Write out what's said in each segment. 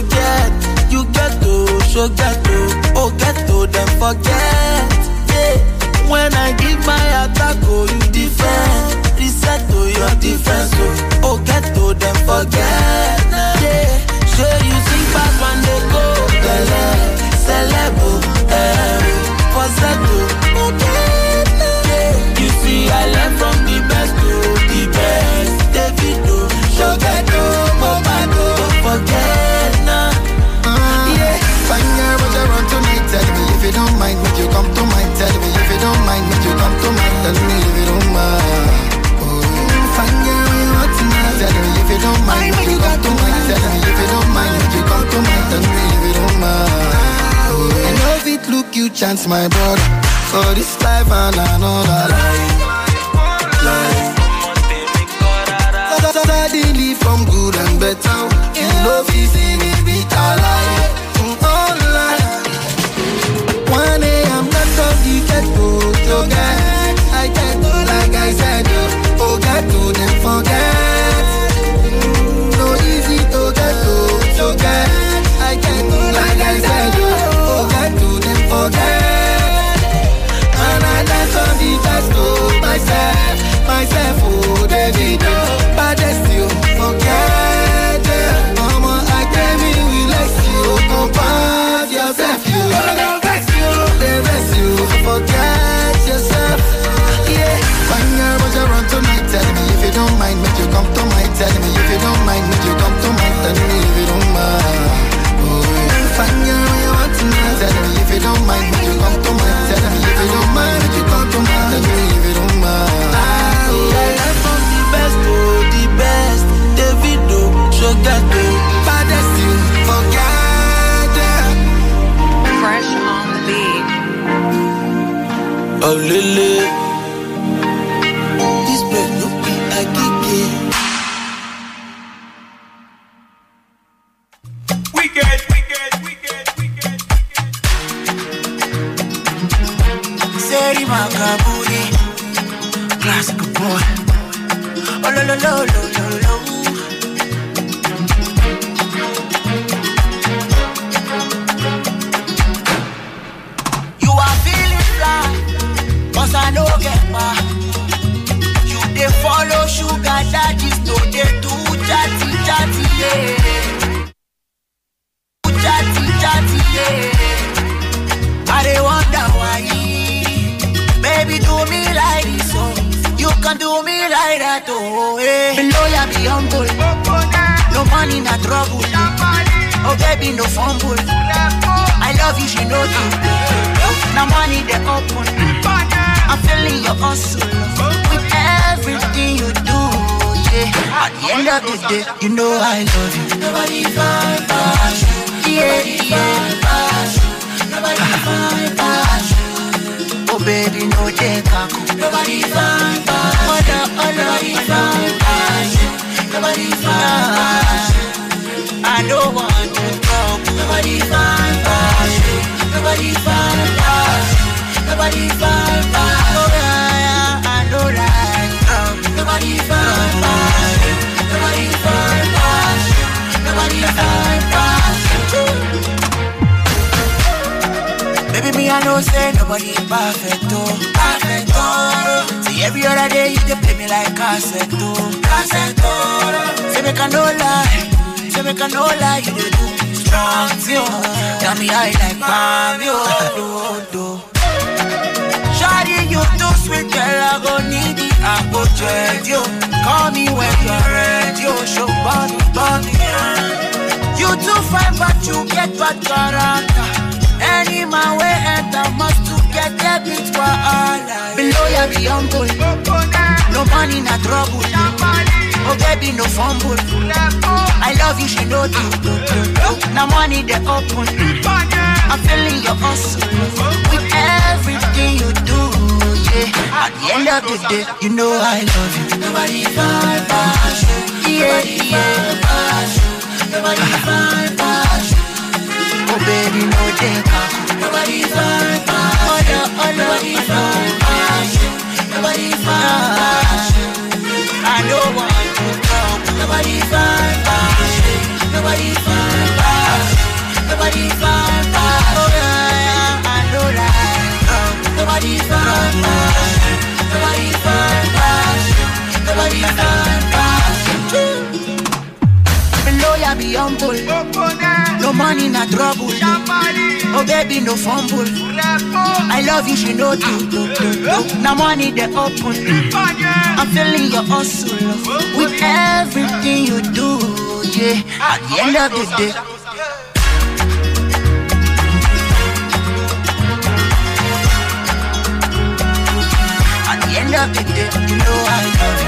so get, you get to, so get to, oh get to, then forget. Yeah. When I give my attack, oh you defend, reset to oh, your defense, oh, oh get to, then forget. Yeah. Sure you sing back when they go, celebrate, celeb, oh, eh, for settle. Oh. you chance, my brother. For this life and another life. life. Suddenly from good and better, you know, if you see me bitter life. yeah. I they wonder why, baby, do me like this, oh. You can do me like that, oh, yeah. Below ya be humble, no money, no trouble. Oh, baby, no fumble. I love you, she know you. Now money they open. I'm feeling your hustle with everything you do. Yeah. At the end of the day, you know I love you. Nobody find you. Yeah, yeah. Nobody fine pass Oh baby, no Nobody fine pass nobody Nobody I don't want to Nobody Nobody Nobody fine. know say nobody perfect, oh. Perfect, See, every other day you play me like cassette, oh. Cassette, oh. Say, make a no lie. Say, make a no lie. You do me strong, yo. Tell me I like mom, yo. Do, do. Shawty, you too sweet, girl. I go need it. I go dread, yo. Call me when you're ready, yo. Show body, body, You too fine, but you get bad character. Any man way enter must to get debit for all life. Below ya be humble. No money, na trouble. No baby, no fumble. I love you, she know this. Now money they open. I'm feeling your hustle with everything you do. Yeah. At the end of the day, you know I love you. Nobody find my show. Yeah, yeah. Nobody find my Oh baby, no day off. Nobody's on Oh yeah, oh no. Nobody's on fire. Nobody's I know what I do now. Nobody's on fire. Nobody's on fire. Oh yeah, I know that. Nobody's on fire. Nobody's on fire. Nobody's on fire. Below ya be humble. No money, not trouble. Oh baby, no fumble. I love you, she know do do do Now money they open. Mm. I'm feeling your hustle with everything you do. Yeah, ah. at the end of the day. end of the day, you know I love you.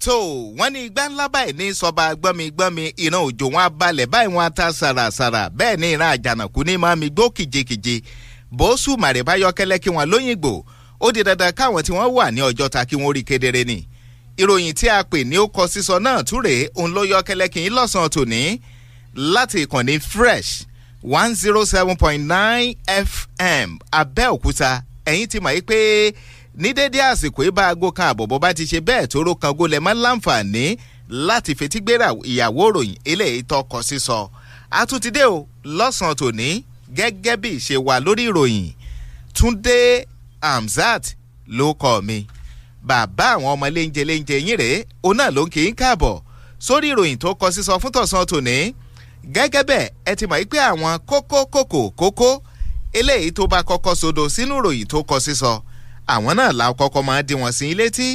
tó wọ́n ní igbá ńlá báyìí ní sọba gbọ́mi-gbọ́mi iná òjò wọn abalẹ̀ báyìí wọn ata sàràsàrà bẹ́ẹ̀ ní ìran àjànàkú ní máa mi gbó kìjikìji bóṣù màrìbá yọkẹ́lẹ́ kí wọ́n lóyìnbó ó di dandan káwọn tí wọ́n wà ní ọjọ́ta kí wọ́n rí kedere ni ìròyìn tí a pè ní ó kọ sísọ náà túrè òun ló yọkẹ́lẹ́ kí n lọ́sàn-án tòní láti ìkànnì fresh one zero seven point nine fm abẹ́òkúta ẹ̀yin ti mọ̀ yí pé ní déédéé àsìkò ibà aago kan àbọ̀bọ̀ bá ti ṣe bẹ́ẹ̀ tóró kan gólẹ̀ mọ́ láǹfààní láti fetígbéra ìyàwó ròyìn eléyìí tọkọ sísọ àtúntìdé o lọ́sàn-án tòní gẹ́gẹ́ bí ṣe wà lórí ìròyìn Túndé Hamzat ló kọ́ mi bàbá àwọn ọmọ léńjẹ léńjẹ yín rèé òun náà ló ń kí í káàbọ̀ sórí ìròyìn tó kọ sísọ fún tọ̀sán tòní gẹ́gẹ́ bẹ́ẹ̀ ẹ ti mọ̀ pé àwọn kókó kòkó kókó eléyìí tó bá kọ́kọ́ sodo sínú ìròyìn tó kọ sísọ àwọn náà la kọ́kọ́ máa di wọn sí i létí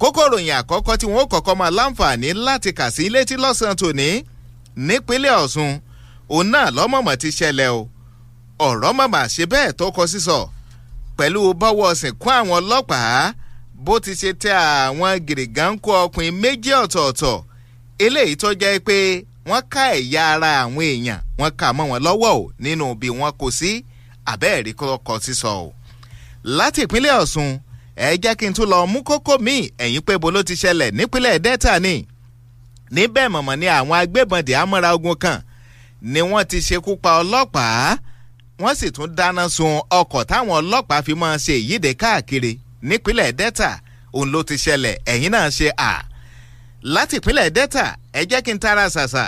kókó ròyìn àkọ́kọ́ tí wọ́n ó kọ́kọ́ máa láǹfààní láti kà sí i létí lọ́sàn-án tòní nípínlẹ̀ Ọ̀ṣun òun náà lọ́mọ̀mọ̀ ti ṣẹlẹ̀ o ọ̀rọ̀ màmá ṣe bẹ́ẹ̀ tó kọ sísọ pẹ̀lú bọ́wọ́ sìnkú àwọn ọlọ́pàá bó ti ṣe tẹ àwọn gìrìgànkú ọkùnrin méjì ọ̀tọ̀ọ̀tọ̀ eléyìí tó jẹ́ pé wọ́n ká ẹ̀yà ara àwọn èèyàn wọ́n kà mọ́ wọn lọ́wọ́ o nínú bí wọ́n kó sí abẹ́ẹ̀rí kọ́kọ́ sísọ o láti ìpínlẹ̀ Ọ̀ṣun ẹ jẹ́ kí n tún lọ mú kókó míì ẹ̀yìn pé bo ló ti ṣẹlẹ̀ nípínlẹ̀ Delta ni níbẹ̀ mọ̀mọ́ ni àwọn agbébọn dì ámọ́ra ogun kan ni wọ́n ti ṣekú pa ọlọ́pàá wọ́n sì tún dáná sun ọkọ̀ táwọn ọlọ́pàá fi máa ṣe ìyíde káàkiri nípínlẹ̀ Delta òun ló ti ṣẹlẹ̀ ẹ̀yìn náà ṣe à láti ìpínlẹ̀ Delta ẹ jẹ́ kí n tara ṣàṣà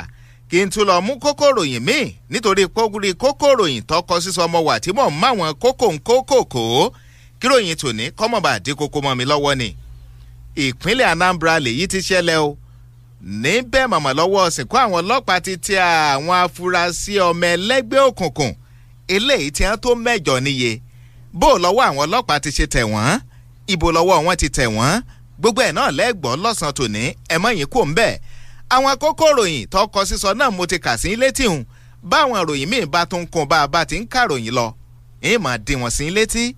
kí n tún lọ mú kókó ròyìn míì nítorí kókó ròyìn tọkọ sísọ ọmọ wà tí mò ń máwọn kókó ń kókó kòó kíròyìn tòní kọ́mọ̀bà dín kókó mọ́ mi lọ́wọ́ ni ìpínlẹ̀ Anambra lèyí ti ṣẹlẹ̀ o níbẹ̀ màmá lọ́wọ́ sìnkú àwọn ọlọ́pàá ti tẹ àwọn afurasí ọmọ ẹlẹ́gbẹ́ òkùnkùn eléyìí tí wọ́n tó mẹ́jọ níye bó lọ́wọ́ àwọn ọlọ́pàá ti ṣe tẹ̀ wọ́n ibo lọ́wọ́ wọn ti tẹ̀ wọ́n gbogbo ẹ̀ náà lẹ́gbọ̀ọ́ lọ́sàn-án tòní ẹ̀ mọ́ yín kò ń bẹ̀ àwọn kókó ròyìn tọkọ sísọ náà mo ti kà sí létí hùn báwọn ròyìn míì bá tún kún bá a bá ti ń kà ròyìn lọ èèmọ̀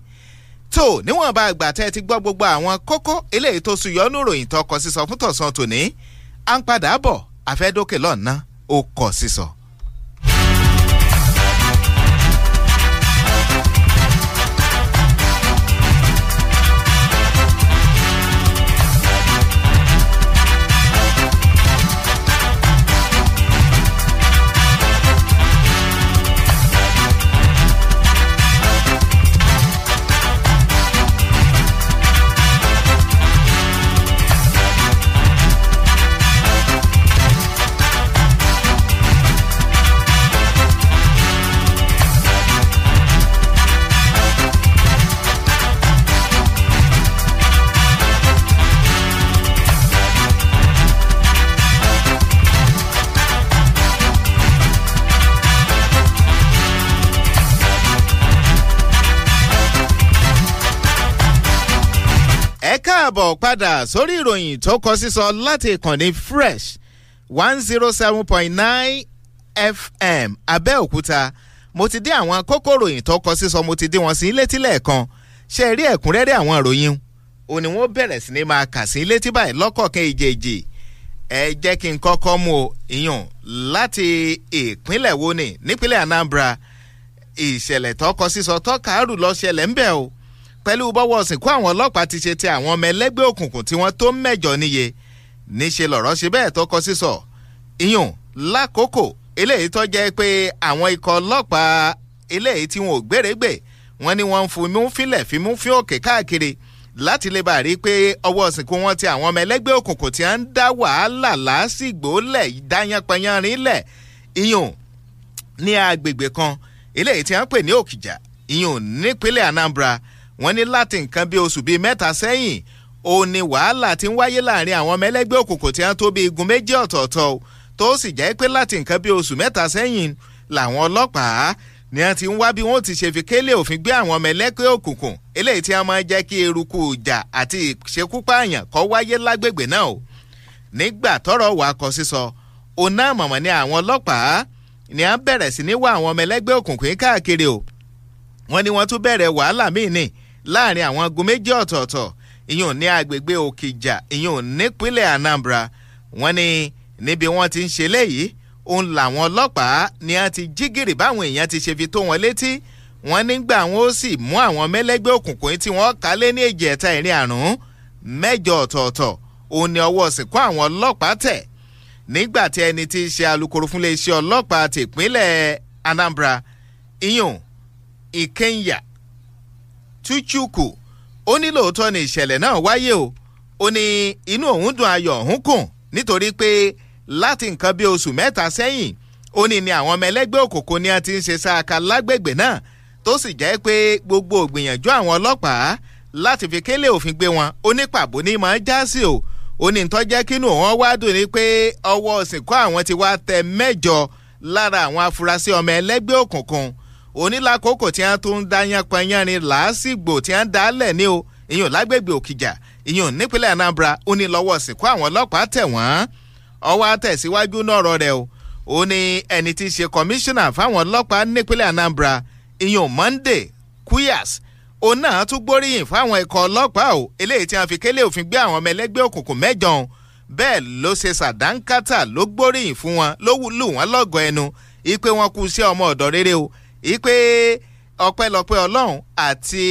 tó níwọ̀nba àgbà tẹ́ ti gbọ́ gbogbo àwọn kókó eléyìí tó suyọ́nù ròyìn tó kọ sísọ fún tọ̀sán tòní à ń padà bọ̀ àfẹ́dókè lọ́nà ó kọ sísọ. káàbọ̀ padà sórí ìròyìn tó kọ sísọ láti ìkànnì fresh one zero seven point nine fm abẹ́òkúta mo ti dé àwọn kókó ìròyìn tó kọ sísọ mo ti dé wọn sí létí lẹ́ẹ̀kan ṣe rí ẹ̀kúnrẹ́rẹ́ àwọn ìròyìn ò ní wọ́n bẹ̀rẹ̀ sí ni máa kà sí létí báyìí lọ́kọ̀ọ̀kan ìjèèjì ẹ jẹ́ kí n kọ́kọ́ mú o ìyàn láti ìpínlẹ̀ wo ni nípínlẹ̀ Anambra ìṣẹ̀lẹ̀ tó kọ sísọ tó kàárù ló ṣẹlẹ̀ ńbẹ̀ o pẹ̀lú bọ́wọ́ sìnkú àwọn ọlọ́pàá ti ṣe ti àwọn ọmọ ẹlẹ́gbẹ́ òkùnkùn tí wọ́n tó mẹ́jọ níye níṣe lọ̀rọ̀ ṣe bẹ́ẹ̀ tọkọ sísọ iyùn lákòókò eléyìí tó jẹ́ pé àwọn ikọ̀ ọlọ́pàá eléyìí tí wọn ò gbèrègbè wọn ni wọ́n ń fimú fínlẹ̀ fimú fín òkè káàkiri láti lè bá rí i pé ọwọ́ sìnkú wọn ti àwọn ọmọ ẹlẹ́gbẹ́ òkùnkùn tí wọ́n ní láti nǹkan bí oṣù bíi mẹ́ta sẹ́yìn ó ní wàhálà tí ń wáyé láàrin àwọn ọmọ ẹlẹ́gbẹ́ òkùnkùn tí wọ́n tó bí igun méjì ọ̀tọ̀ọ̀tọ̀ tó sì jẹ́ pé láti nǹkan bí oṣù mẹ́ta sẹ́yìn làwọn ọlọ́pàá ni wọ́n ti ń wá bí wọ́n ti ṣe fi kélé òfin gbé àwọn ọmọ ẹlẹ́gbẹ́ òkùnkùn eléyìí tí wọ́n máa ń jẹ́ kí eruku ìjà àti ìṣekúpààyàn kó wáyé lágbègbè náà o nígbà tọ́rọ̀ wà kọ sísọ ọ̀nà àmọ̀mọ̀ ni àwọn ọlọ́pàá ni wọ́n bẹ̀rẹ̀ sí ní wá àwọn ọmọ ẹlẹ́gbẹ́ òkùnkùn káàkiri o wọ́n ní wọ́n tún bẹ̀rẹ̀ wàhálà míì nìyí láàrin àwọn aago méjì ọ̀tọ̀ọ̀tọ̀ ìyẹn ní agbègbè òkìjà ìyẹn nípínlẹ̀ Anambra wọ́n ní níbi wọ́n ti ń ṣe léyìí òun làwọn ọlọ́pàá ni a ti jí gìrì báwọn èèyàn ti ṣe fi tó wọn létí wọ́n nígbà wọn ó sì mú àwọn mẹ́lẹ́gbẹ́ òkùnkùn tí wọ́n kà lé ní èjì ẹ̀ta ìrìn àrùn mẹ́jọ ọ̀tọ̀ọ̀tọ̀ òun ni ọwọ́ sìnkú àwọn ọlọ́pàá tẹ̀ nígbà tí ẹni tí í ṣe alukoro fún iléeṣẹ́ ọlọ́pàá tìpínlẹ̀ Anambra iyun Ìkẹyà tuchuku ó ní lóòótọ́ ni ìṣẹ̀lẹ̀ náà wáyé o ó ní inú òun dùn ayọ̀ òun kùn nítorí pé láti nǹkan bíi oṣù mẹ́ta sẹ́yìn ó ní ni àwọn ọmọ ẹlẹ́gbẹ́ òkòkò ni a ti ń ṣe sáàka lágbègbè náà tó sì jẹ́ pé gbogbo ògbìyànjú àwọn ọlọ́pàá láti fi kélé òfin gbé wọn ó ní pàbó ní máa já sí o ó ní tó jẹ́ kínú wọn wá dùn ní pé ọwọ́ òsìnkú àwọn ti wá tẹ mẹ́jọ lára àwọn afurasí ọmọ ẹlẹ́gbẹ́ òkùnkùn onílàkókò tí wọ́n tún ń da yanpanyanrin làásìgbò tí wọ́n dá lẹ̀ ní o ìyẹn lágbègbè òkìjà ìyẹn nípínlẹ̀ Anambra ó ní lọ́wọ́ sìnkú àwọn ọlọ́pàá tẹ̀ wọ́n ọwọ́ àtẹ̀síwájú náà rọ rẹ o ó ní ẹni tí í ṣe kọmíṣánná fáwọn ọlọ́pàá nípínlẹ̀ Anambra ìyẹn Monday Kuyas òun náà tún gbóríyìn fáwọn ikọ̀ ọlọ́pàá o eléyìí tí wọ́n fi kélé òfin gbé àwọn ọmọ ẹlẹ́gbẹ́ òkùnkùn mẹ́jọ bẹ́ẹ̀ ló ṣe sàdánkátà ló gbóríyìn fún wọn ló lù wọ́n lọ́gọ̀ọ́ ẹnu ìpè wọn kú sí ọmọ ọ̀dọ̀ rere o ìpè ọpẹ́lọpẹ́ ọlọ́run àti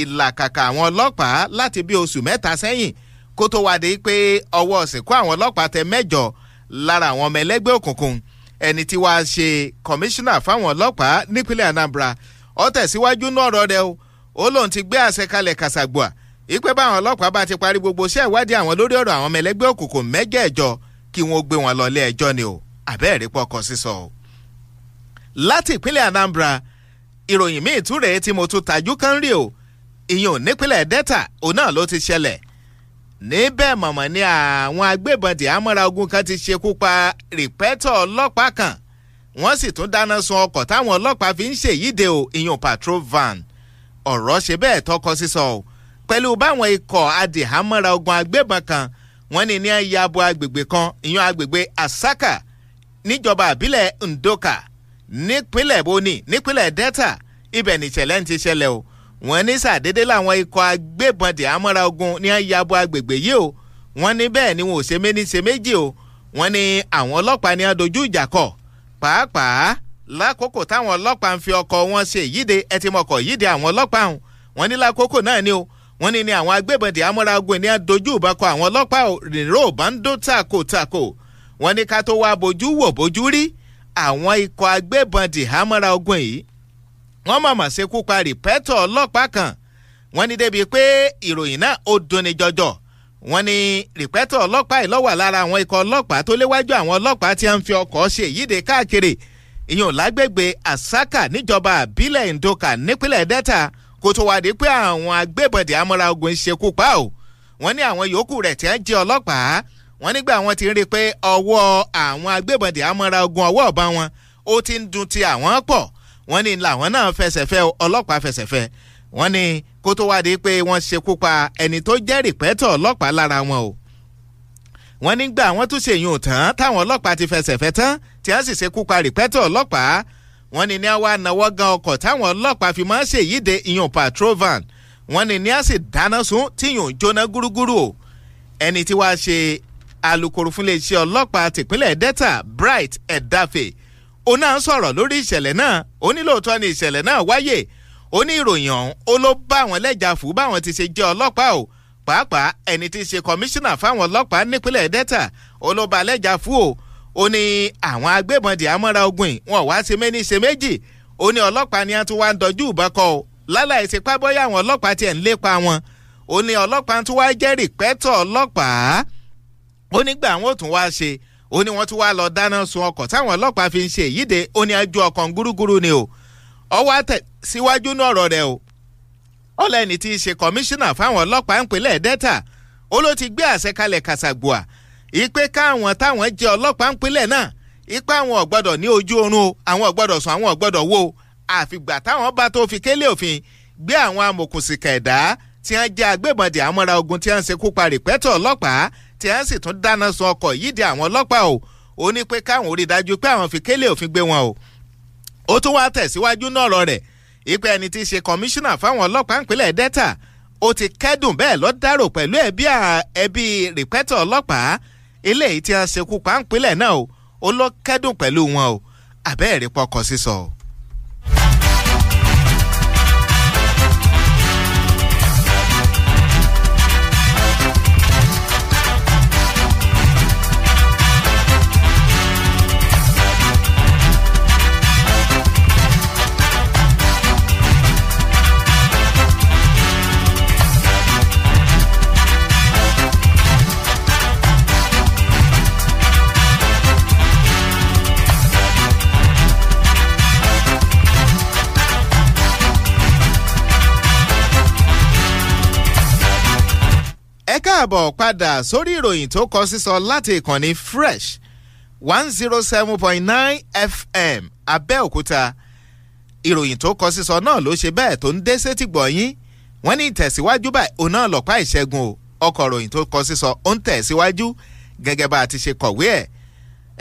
ìlàkàkà àwọn ọlọ́pàá láti bí oṣù mẹ́ta sẹ́yìn kó tó wá dé pé ọwọ́ ọ̀sìnkú àwọn ọlọ́pàá tẹ mẹ́jọ lára àwọn ọmọ ẹlẹ́gbẹ́ òkùnkùn ẹni tí wàá ṣe kọmíṣánná fáwọn ọlọ́pàá nípínlẹ̀ Anambra ó tẹ̀síwájú náà ọ̀rọ̀ rẹ̀ o ó lóun ti gbé àṣẹ kalẹ̀ kàṣàgbọ́à ìpè báwọn ọlọ́pàá bá ti parí gbogbo iṣẹ́ ìwádìí àwọn lórí ọ̀rọ̀ àwọn ọmọ ẹlẹ́gbẹ́ òkùnkùn mẹ́jẹ̀ẹ̀jọ kí wọ́n gbé wọn lọ ilé ẹjọ́ ni o àbẹ́ẹ̀rí pọkàn sísọ o láti ìpínlẹ̀ Anambra ìròyìn míì tún rèé tí mo tún tajú kan rí o ìyẹn ò nípínlẹ̀ Delta òun náà ló ti ṣẹlẹ̀ níbẹ̀ mọ̀mọ́ ni àwọn agbébọn dì ámọ́ra ogun kan ti ṣekú pa rìpẹ́tọ̀ ọlọ́pàá kan wọ́n sì tún dáná sun ọkọ̀ táwọn ọlọ́pàá fi ń ṣèyíde o ìyẹn patrol van ọ̀rọ̀ ṣe bẹ́ẹ̀ tọkọ sísọ o pẹ̀lú báwọn ikọ̀ adìhámọ́ra ogun agbébọn kan wọ́n ní ní ayabo agbègbè kan ìyẹn agbègbè Asaka níjọba àbílẹ̀ Ndoka nípínlẹ̀ boni nípínlẹ̀ delta ibẹ̀ nìṣẹ̀lẹ̀ ń ti ṣẹlẹ̀ o wọ́n ní sàdédé làwọn ikọ̀ agbébọn dìhámọ́ra ogun ní ayabo agbègbè yìí o wọ́n ní bẹ́ẹ̀ ni wọn ò ṣe méní ṣe méjì o wọ́n ní àwọn ọlọ́pàá ni adojú ìjà kọ pàápàá lákòókò táwọn ọlọ́pàá ń fi ọkọ̀ wọn ṣe ìyíde ẹ ti mọ̀kọ̀ ìyíde àwọn ọlọ́pàá ọ̀hún wọ́n ní lákòókò náà ni o wọ́n ní ni àwọn agbébọn dìhámọ́ra ogun ní adojú ìbọn àwọn ọlọ́pàá rìnrìn àwọn ikọ̀ agbébọn dìhámọ́ra ogun yìí wọ́n mọ̀mọ́ ṣekú pa rìpẹ́tọ̀ ọlọ́pàá kan wọ́n ní débi pé ìròyìn náà ó dunni jọjọ wọ́n ní rìpẹ́tọ̀ ọlọ́pàá yìí ló wà lára àwọn ikọ̀ ọlọ́pàá tó léwájú àwọn ọlọ́pàá tí wọ́n fi ọkọ̀ ṣe ìyíde káàkiri ìyọ̀n lágbègbè àsákà níjọba àbílẹ̀ ndoka nípínlẹ̀ delta kó tó wá di pé àwọn agbébọn dìhámọ́ra ogun ṣekú pa ò wọ́n ní àwọn yòókù rẹ̀ tí wọ́n jẹ́ ọlọ́pàá wọ́n nígbà wọn ti rí i pé ọwọ́ àwọn agbébọn dì amọ́ra ogun ọwọ́ ọ̀bá wọn ó ti ń dun ti àwọn pọ̀ wọ́n ní làwọn náà fẹsẹ̀fẹ́ ọlọ́pàá fẹsẹ̀fẹ́ wọ́n ní kó tó wádìí pé wọ́n ṣekú pa ẹni tó jẹ́ rìpẹ́tọ̀ ọlọ́pàá lára wọn o wọ́n nígbà wọ́n tún ṣèyún tán táwọn ọlọ́pàá ti fẹsẹ̀fẹ́ tán tí wọ́n sì ṣekú pa rìpẹ́tọ̀ ọlọ́pàá wọ́n ní ní àwa náwó gan ọkọ̀ táwọn ọlọ́pàá fi máa ń ṣèyíde ìyàn patrol van wọ́n ní ní a sì dáná sun tíyàn jóná gúrúgúrú o ẹni tí wàá ṣe alūkkóró fún iléeṣẹ́ ọlọ́pàá tìpínlẹ̀ delta bright ẹ̀dáfẹ́ òun náà sọ̀rọ̀ lórí ìṣẹ̀lẹ̀ náà ó ní lóòótọ́ ni ìṣẹ̀lẹ̀ náà wáyé ó ní ìròyìn ọ̀hún ó ló bá àwọn ẹlẹ́jà fún báwọn ti ṣe jẹ́ ọlọ́pàá o pàápàá ẹni tí í ṣe kọmíṣánná fáwọn ọlọ́pàá nípínlẹ̀ delta ó ló bá ẹlẹ́jà fún o ó ní àwọn agbébọn dì ámọ́ra ogun wọn wá ṣe méní ṣe méjì ó ní ọlọ́pàá ni a tún wá ń dojú ìbọn kọ o láláì ṣe pábọ́yà àwọn ọlọ́pàá tiẹ̀ ń lépa wọn ó ní ọlọ́pàá tún wá jẹ́ rìpẹ́tọ̀ ọlọ́pàá ó nígbà àwọn ò tún wá ṣe ó ní wọ́n tún wá lọ dáná sun ọkọ̀ táwọn ọlọ́pàá fi ń ṣe ìyíde ó ní ajú ọkàn gúrúgúrú ni o ọwọ́ àtẹ síwájú ní ọ̀rọ̀ rẹ̀ o ọlẹ́ni tí í ṣe kọmíṣánná fáwọn ọlọ́pàá ìpínlẹ̀ delta ó ló ti gbé àṣẹ kalẹ̀ kàṣàgbùà ìpè káwọn táwọn jẹ́ ọlọ́pàá ìpínlẹ̀ náà ipa àwọn ò gbọ́dọ̀ ní ojú oorun o àwọn ò gbọ́dọ̀ sùn àwọn ò wo àfìgbà táwọn bá tó fi kélé òfin gbé àwọn amòkùnsìkà ẹ̀dá tí wọ́n jẹ́ agbébọ̀dì àmọ́ra ogun tí wọ́n ń ṣekú pa rìpẹ́tọ̀ ọlọ́pàá tí wọ́n sì tún dáná sun ọkọ̀ yìí di àwọn ọlọ́pàá o ó ní pé káwọn rí dájú pé àwọn fi kélé òfin gbé wọn o ó tún wá tẹ̀síwájú náà rọ rẹ̀ ìpè ẹni tí í ṣe kọmíṣánná fáwọn ọlọ́pàá ìpínlẹ̀ delta ó ti kẹ́dùn bẹ́ẹ̀ lọ dárò pẹ̀lú ẹbí ẹbí rìpẹ́tọ̀ ọlọ́pàá eléyìí tí wọ́n ṣekú pa ìpínlẹ̀ náà o ó lọ kẹ́dùn pẹ̀lú wọn o àbẹ́ẹ̀rí pọkàn sísọ o. káàbọ̀ padà sórí ìròyìn tó kọ sísọ láti ìkànnì fresh one zero oh seven point nine fm abẹ́òkúta ìròyìn tó kọ sísọ náà ló ṣe bẹ́ẹ̀ tó ń dé sétí gbọ̀nyín wọ́n ní ìtẹ̀síwájú báyìí òun náà lọ́pàá ìṣẹ́gun o ọkọ̀ ìròyìn tó kọ sísọ ó ń tẹ̀síwájú gẹ́gẹ́ bá a ti ṣe kọ̀wé ẹ̀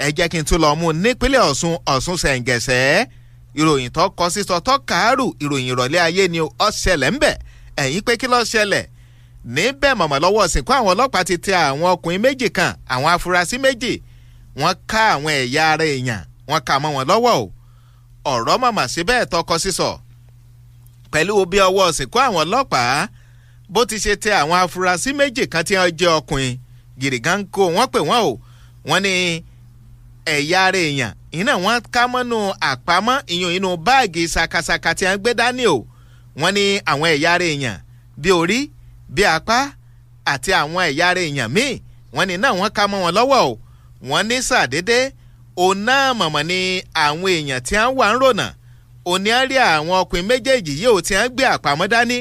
ẹ jẹ́ kí n tún lọ mú un nípínlẹ̀ ọ̀ṣun ọ̀ṣun ṣẹ̀ǹgẹ̀ṣẹ̀ ìròyìn tó kọ sísọ tó kàárù ìròyìn ìrọ̀lẹ́ ayé ni ó ńbẹ̀ ẹ̀yìn pé kí ló ṣẹlẹ̀ níbẹ̀ mọ̀mọ́ lọ́wọ́ sìnkú àwọn ọlọ́pàá ti tẹ àwọn ọkùnrin méjì kan àwọn afurasí méjì wọ́n ká àwọn ẹ̀yà ara èèyàn wọ́n kà mọ́ wọn lọ́wọ́ o ọ̀rọ̀ mọ̀mọ́ síbẹ̀ tọkọ sísọ pẹ̀lú bí ọwọ́ sìnkú àwọn ọlọ́pàá bó ti ṣe tẹ àwọn afurasí méjì kan tí wọ́n jẹ́ ọkùnrin gìrìgánkò wọ́n pè wọ́n o wọ́n ní ẹ̀yà ara èèyàn iná wọn ká mọ́nú àpamọ́ ìyún báàgì sakasaka tí wọ́n gbé dání o wọ́n ní àwọn ẹ̀yà ara èèyàn bíi orí bíi apá àti àwọn ẹ̀yà ara èèyàn míì wọ́n ní náà wọ́n ká mọ́ wọn lọ́wọ́ o wọ́n ní sàdédé òun náà mọ̀mọ́ ni àwọn èèyàn tí wọ́n wà ń rònà òní á rí àwọn ọkùnrin méjèèjì yìí ò tí wọ́n gbé àpamọ́ dání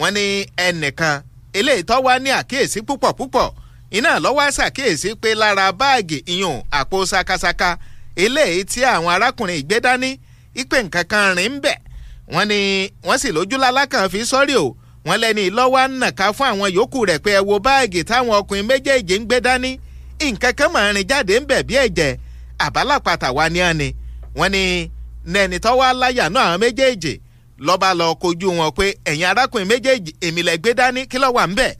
wọ́n ní ẹnìkan eléyìí tó wá ní àkíyèsí púpọ̀ púpọ̀ iná lọ́wọ́ ṣàkíyèsí pé lára báàgì iyùn àpò sakasaka eléyìí tí àwọn arákùnrin ìgbé dání ìpè nǹkan kan rìn ń bẹ̀ wọ́n ní wọ́n sì lójú lálákàn fi sọ́rí o wọ́n lẹ́ni lọ́wọ́ á nàka fún àwọn yòókù rẹ̀ pé ẹ wo báàgì táwọn ọkùnrin méjèèjì ń gbé dání nǹkan kan máa rìn jáde ń bẹ̀ bí ẹ̀jẹ̀ àbálàpàtà wa ni àni wọ́n ní nẹ́ni tó wá láyà náà àwọn méjèèjì lọ́ba lọ kojú wọn pé ẹ̀yin arákùnrin méjèèjì èmi lẹ gbé dání kí ló wà ń bẹ̀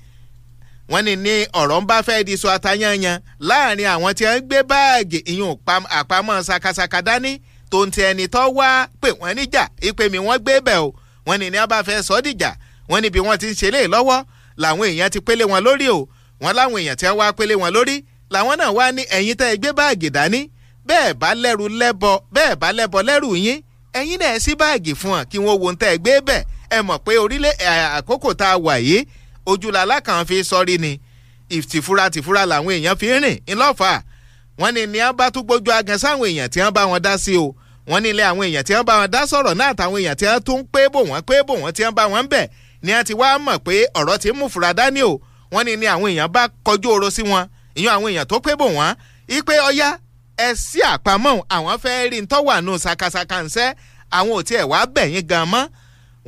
wọ́n ní ní ọ̀rọ̀ ń bá fẹ́ di sọ atayanyan láàrin àwọn tí wọ́n gbé báàgì ìyún àpamọ́ sakasaka dání tó ń ti ẹni tó wá pè wọ́n níjà ìpè mi wọ́n gbé bẹ̀ o wọ́n ní ní a bá fẹ́ wọ́n níbi wọ́n ti ń ṣe léè lọ́wọ́ làwọn èèyàn ti pélé wọn lórí o wọ́n láwọn èèyàn tí wọ́n wá pélé wọn lórí làwọn náà wá ní ẹ̀yin tẹ́ ẹ gbé báàgì dání bẹ́ẹ̀ bá lẹ́rù lẹ́bọ bẹ́ẹ̀ bá lẹ́bọ lẹ́rù yín ẹ̀yin náà sí báàgì fún ọ kí wọ́n wo ń tẹ́ gbé bẹ̀ ẹ mọ̀ pé orílẹ̀ àkókò tá a wà yìí ojúlàlá kan fi sọrí ni tìfura tìfura làwọn èèyàn fi ń rìn ńlọ́fà wọ́n ní ní a bá tún gbójú agan sáwọn èèyàn tí wọ́n bá wọn dá sí o wọ́n ní ilé àwọn èèyàn tí wọ́n bá wọn dá sọ̀rọ̀ náà àtàwọn èèyàn tí wọ́n tún pé bò wọ́n pé bò wọ́n tí wọ́n bá wọn bẹ̀ ni a ti wá mọ̀ pé ọ̀rọ̀ ti mú fura dání o wọ́n ní ni àwọn èèyàn bá kọjú ọ̀rọ̀ sí wọn ìyọ́n àwọn èèyàn tó pé bò wọ́n ipe ọya ẹ sí àpamọ́ àwọn fẹ́ rí ń tọ́wà nù ṣàkàṣàkà ń sẹ́ àwọn ò tiẹ̀ wá bẹ̀yìn gan mọ́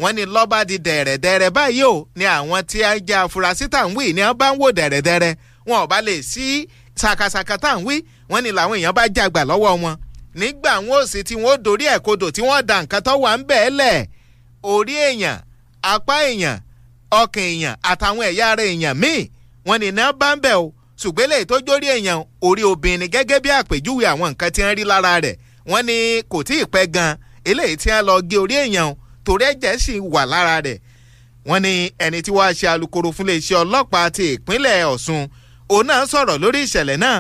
wọ́n ní lọ́ba di dẹ̀rẹ̀dẹ̀rẹ̀ báyìí o ni àwọn tí a jẹ́ afurasí tá à ń wí ni wọ́n bá ń wò dẹ̀rẹ̀dẹ̀rẹ̀ wọn ò bá lè sí ṣàkàṣàkà tá à ń wí wọ́n ní làwọn èèyàn bá jàgbà lọ́wọ́ wọn nígbà wọn ò sì tí wọn ò dorí ẹ̀ tí wọ́n da nǹkan tó wà ń bẹ́ẹ̀ lẹ̀ orí èèyàn apá èèyàn ọkàn èèyàn àtàwọn ẹ̀yà ara èèyàn míì wọn nìna bá ń bẹ̀ o ṣùgbọ́n èyí tó jórí èèyàn orí obìnrin gẹ́gẹ́ bí àpèjúwe àwọn nǹkan tí wọ́n rí lára rẹ̀ wọ́n ní kò tí ì pẹ́ gan eléyìí tí wọ́n lọ gé orí èèyàn torí ẹ̀jẹ̀ sì wà lára rẹ̀ wọ́n ní ẹni tí wàá ṣe alukoro fún iléeṣẹ́ ọlọ́pàá ti ìpínlẹ̀ Ọ̀ṣun òun náà sọ̀rọ̀ lórí ìṣẹ̀lẹ̀ náà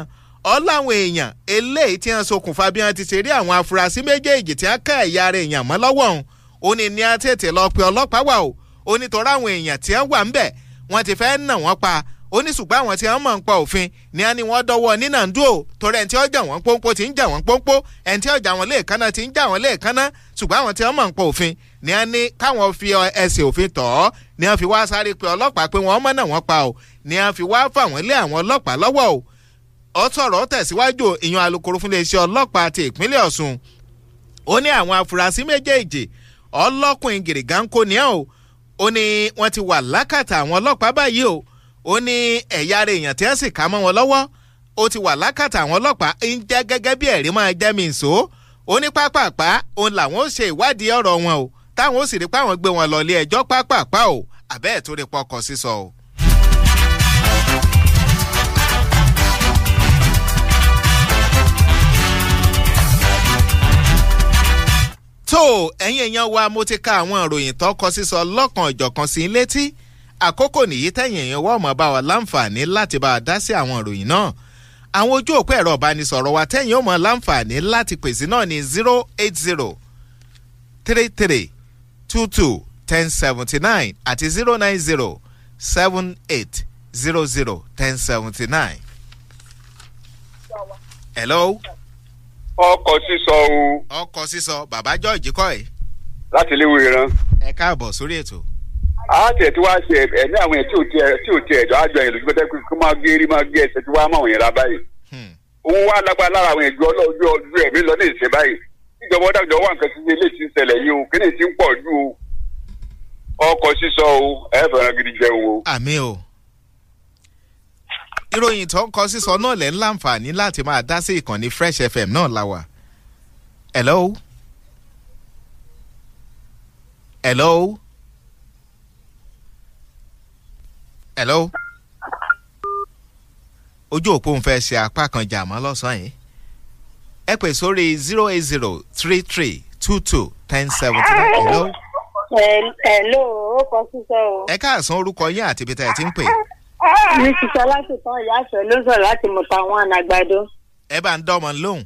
ọláwọn èèyàn eléyìí tí wọ́n ṣokùnfà bí wọ́n ti ṣe rí àwọn afurasí méjèèjì tí wọ́n ká ẹ̀yà ara èèyàn mọ́ lọ́wọ́ ọ̀hún ó ní ní àtẹ̀tẹ̀ lọ pé ọlọ́pàá wà o ó ní tọ́ra àwọn èèyàn tí wọ́n wà ń bẹ̀ wọ́n ti fẹ́ nà wọ́n pa ó ní ṣùgbọ́n àwọn tí wọ́n mọ̀ ń pa òfin ni a ní wọ́n dọ́wọ́ nínàndú o torí ẹni tí ọjà wọn pọ́npọ́ ti ń jà wọn pọ́npọ́ ẹni tí ọjà wọn léèkánná ti ń jà wọn léèkánná ṣùgbọ́n àwọn tí wọ́n mọ̀ ń pa òfin ni a ní káwọn fi ẹsẹ̀ òfin tọ̀ ọ́ ni a fi wá sáré pé ọlọ́pàá pé wọ́n mọ̀nà wọn pa o ni a fi wá fà wọ́n lé àwọn ọlọ́pàá lọ́wọ́ o ó sọ̀rọ̀ tẹ̀síwájú ìyọ̀n alukoro fún iléeṣẹ́ ọlọ́pàá ti ìpínlẹ̀ Ọ̀ṣun ó ní àwọn afurasí méjèèjì ọlọ́kùnrin gèrègà ń kó ni ẹ́ o ó ní wọ́n ti wà lákàtà àwọn ọlọ́pàá báyìí o ó ní ẹ̀yà ara èèyàn tí wọ́n sì ká mọ́ wọn lọ́wọ́ ó ti wà lákàtà àwọn ọlọ́pàá ń jẹ́ gẹ́gẹ́ bí ẹ̀rí máa jẹ́ mi nsò ó ní pápápá òun làwọn ó ṣe ìwádìí ọ̀rọ̀ wọn o táwọn ó sì rí pé àwọn gbé wọn lọ ilé ẹjọ́ pápápá o àbẹ́ẹ̀ tó rí pọkàn sísọ o. tó ẹ̀yin èèyàn wa mo ti ka àwọn ìròyìn tó kọ sísọ lọ́kàn ìjọ̀kan sí létí àkókò nìyí tẹ̀yìn èèyàn wa ọmọ bá wa láǹfààní láti bá a dá sí àwọn ìròyìn náà àwọn ojú òpó ẹ̀rọ ìbánisọ̀rọ̀ wa tẹ̀yìn ọmọ láǹfààní láti pèsè náà ní zero eight zero three three two two ten seventy nine àti zero nine zero seven eight zero zero ten seventy nine. hello. Ọkọ sísọ o. Ọkọ sísọ bàbá george kọ́ ẹ̀. láti ilé ìwé ran. ẹ káàbọ̀ sórí ètò. a ẹ̀ tí wàá ṣe ẹ̀ àwọn ẹ̀ tí ò ẹ̀ àjọ yẹn kí máa gé rí máa gé ẹsẹ̀ tí wàá máa wọ̀nyẹn ra báyìí. Hmm. òun wá lágbára àwọn ìjọ ọlọ́jọ́ ọdún ẹ̀mí lọ ní báyìí. ìjọba ti ṣẹlẹ̀ yìí o kí ni ti ń pọ̀ ìròyìn tó ń kọ sísọ náà lẹ́ ń láǹfààní láti máa dá sí ìkànnì fresh fm náà la wà. hello. hello. hello. ojú òpó ń fẹ́ ṣe apá kan jà mọ́ lọ́sàn-án yìí. ẹ pè sórí zero eight zero three three two two ten seventy nine. hello. hello ó kọ sísọ o. ẹ káàsán orúkọ yín àti ibi tá ẹ ti ń pè ní sísọ láti tán ìyá àṣọ ló sọ láti mọ tàwọn ànàgbàdo. ẹ bá ń dá ọmọ lóhùn.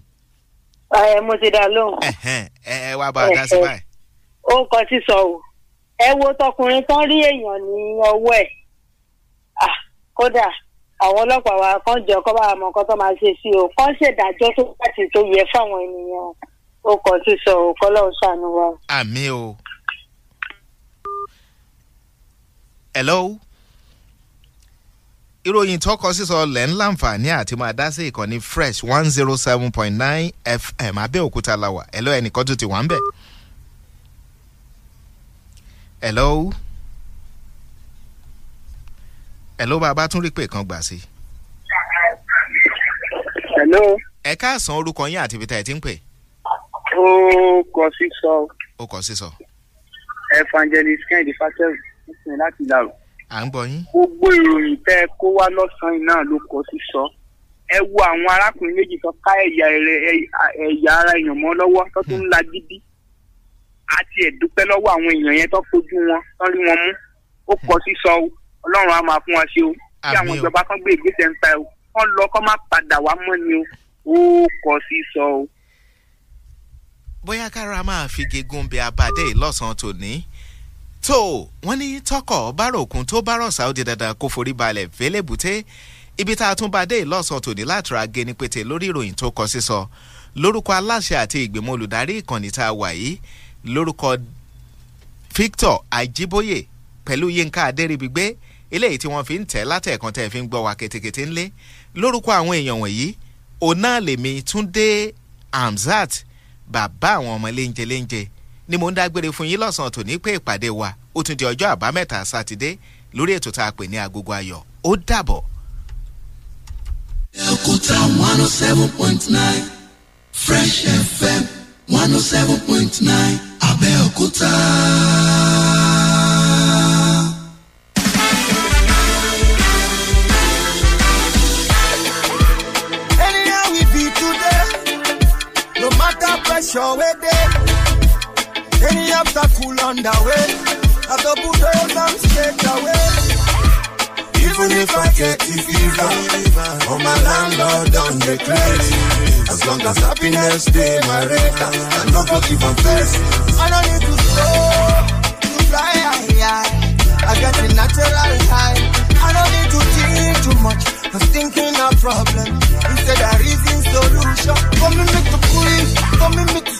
ẹ mo ti dá lóhùn. ẹ ẹ wá bá a dá sí báyìí. ó kọ sísọ o ẹ wo tọkùnrin tán rí èèyàn ní ọwọ́ ẹ̀ kódà àwọn ọlọ́pàá wa kan jẹ́ ọkọ bá àmọ́ nǹkan tó máa ṣe sí o kán ṣèdájọ́ tó láti tó yẹ fáwọn ènìyàn o kò ti sọ òkọ́ lọ́hùn ṣàánú wa. àmì o. hello ìròyìn tọkọ sísọ lẹ́ ń láǹfààní àti máa dá sí ìkànnì fresh one zero seven point nine fm abẹ́òkúta làwà ẹ̀lọ́ ẹnìkan tó ti wà ń bẹ̀. ẹ̀lọ́ ẹ̀lọ́ bàbá tún rí pé kan gbà sí. ẹ̀lọ́. ẹ káàsán orúkọ yín àti ibi tá ẹ ti ń pè. ó kọ sísọ. ó kọ sísọ. evangelist kẹ́hìndé fásitì láti ìlàrọ̀ à ń gbọ́ yín. gbogbo ìròyìn tẹ́ ẹ kó wá lọ́sàn-án náà ló kọ sí sọ ẹ wo àwọn arákùnrin méjì tó ká ẹ̀yà ara èèyàn mọ́ lọ́wọ́ tó tún ń la gidi àti ẹ̀dúpẹ́ lọ́wọ́ àwọn èèyàn yẹn tó fojú wọn tó rí wọn mú ó kọ sí sọ o ọlọ́run á máa fún wa ṣe o kí àwọn ìjọba kan gbé ìgbésẹ̀ ń pa o wọ́n lọ kọ́ má padà wá mọ́ ni o ó kọ sí sọ o. bóyá kára máa fi bí abàdé ìlọ́sàn-án tòní tó wọ́n ní tọkọ̀ bárokun tó bá rọ̀ṣà ó di dandan kó forí balẹ̀ fẹ́lẹ́bùté ibi tá a tún bá dé ìlọ́sàn tòní látara geni pété lórí ìròyìn tó kọ sísọ lórúkọ aláṣẹ àti ìgbìmọ̀ olùdarí ìkànnì tá a wà yìí lórúkọ Victor Ajiboye pẹ̀lú Yínká Adéríbigbé eléyìí tí wọ́n fi ń tẹ̀ látẹ̀kan tẹ̀ fi ń gbọ́ wa ketekete ńlé lórúkọ àwọn èèyàn wọ̀nyí ọ̀nà lèmi Túndé Hamzat bàbá àwọn ọmọ léńjẹ ni mò ń dágbére fún yín lọ́sàn-án tòní pé ìpàdé wa ó tún di ọjọ́ àbámẹ́ta sátidé lórí ètò tá a pè ní agogo ayọ̀ ó dàbọ̀. Ẹ̀kúta one oh seven point nine Fresh FM one oh seven point nine Abẹ́òkúta. No matter pressure wey dey, any obstacle on the way. I double down and straight away. Even if I get the fever, oh my landlord don't on the crazy. As long as happiness be my rate, I no go give a face. I don't need to slow, to fly high. I got the natural high. I don't need to think too much. I'm thinking a problem. Instead I reason solution. Come and make the cool, come and make the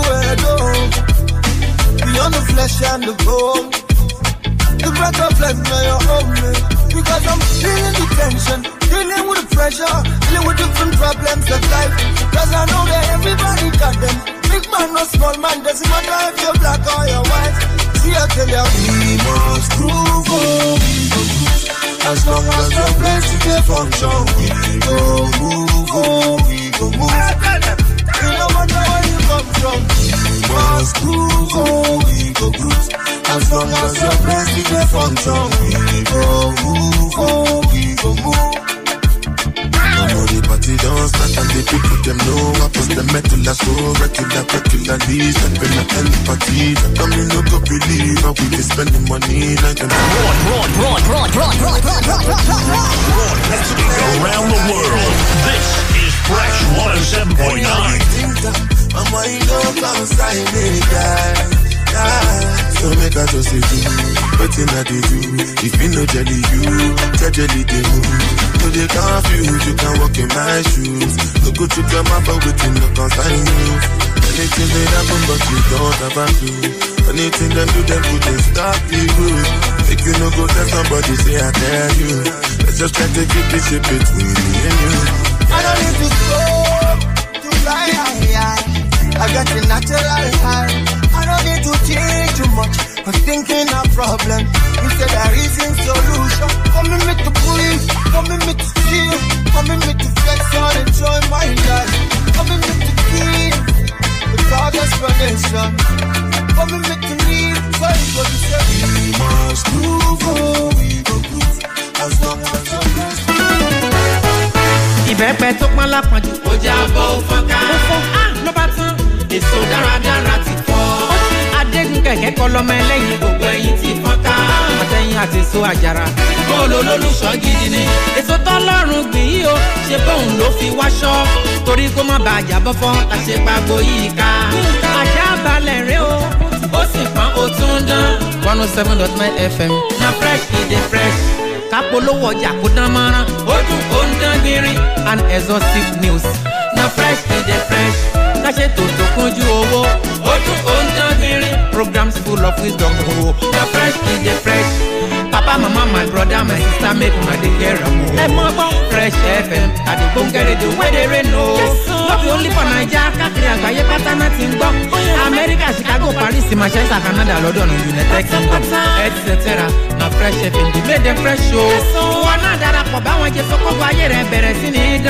the Beyond the flesh and the bone. The breath of life now you're only. Because I'm feeling the tension, dealing with the pressure, dealing with different problems of life. Cause I know that everybody got them. Big man or small man, doesn't matter if you're black or you're white. See, I tell you, we must groove on. As long as the place is there function, we go move on, we go move. We no matter what come from. Must groove, oh, we go groove. As long as your praise we from function, we go move, oh, we go move. I the party dance, not and the people them know I pass the metal I so regular, regular these And when I empathy, that I mean no go believe How we be spending money like them Broad, broad, broad, broad, broad, broad, broad, broad, broad, broad Broadcasting around the world, this is Fresh 107.9. I'm wide So make a do, but in a they do. If you know jelly, you jelly they move. No they confuse, you can walk in my shoes. Look good you can map out within the concern you. Anything they happen, but you don't have a clue. Anything them do, them could they stop you. If you no go tell somebody, say I tell you. Let's just try to keep this shit between me and you. I don't need to score to fly high. I got the natural high. I don't need to change too much. I'm thinking a problem instead of reason solution. Come in me to pull, come in me to steal, come in me to flex and enjoy my life. Come in me to feel without explanation. Come in me to need, sorry for the We must move on, we go prove as long as. ìbẹ́pẹ tó pọ́n lápọ̀jù. ó já bọ́ ó fọ́nká. ó fọ́n á ló bá tán. èso dáradára ti fọ́. ó ti adégún kẹ̀kẹ́ kọ lọ́mọ ẹlẹ́yin. gbogbo ẹyin ti fọ́nká. àtẹ̀yìn àti èso àjàrà. bóòlù olólùṣọ́ gidi ni. èso tọ́lọ́run gbìn yìí o ṣe bóun ló fi wáṣọ. torí kó má bàa jábọ́ fọ́ la ṣe pàgbo yìí ká. àjà balẹ̀ rẹ o. ó sì pọ́n ó dán. one oh seven dot nine fm. na fresh e dey fresh kápolówó ọjà kó dán mọ́rán ojú kò ń dán gbinrin and exhaustive news na fresh e dey fresh káṣe tòótọ́ kúnjú owó ojú kò ń dán gbinrin programs full of wisdom o na fresh e dey fresh papa mama my brother my sister make una dey care am o ẹ mọ gbọ́ fresh fm àdìgbò ń kẹrìndínlẹ́dẹ̀ wẹ́ẹ́dẹ̀rẹ́ nù. Not only for Naija, káàkiri àgbáyé pátá náà ti ń gbọ́. Amẹ́ríkà, Chicago, Paris, Manchester, Canada, London, United Kingdom, etc. Na fresh fm, made them fresh o. Wọn náà darapọ̀ báwọn jẹ sọ́kọ́ bọ ayé rẹ̀ bẹ̀rẹ̀ sí ní dán.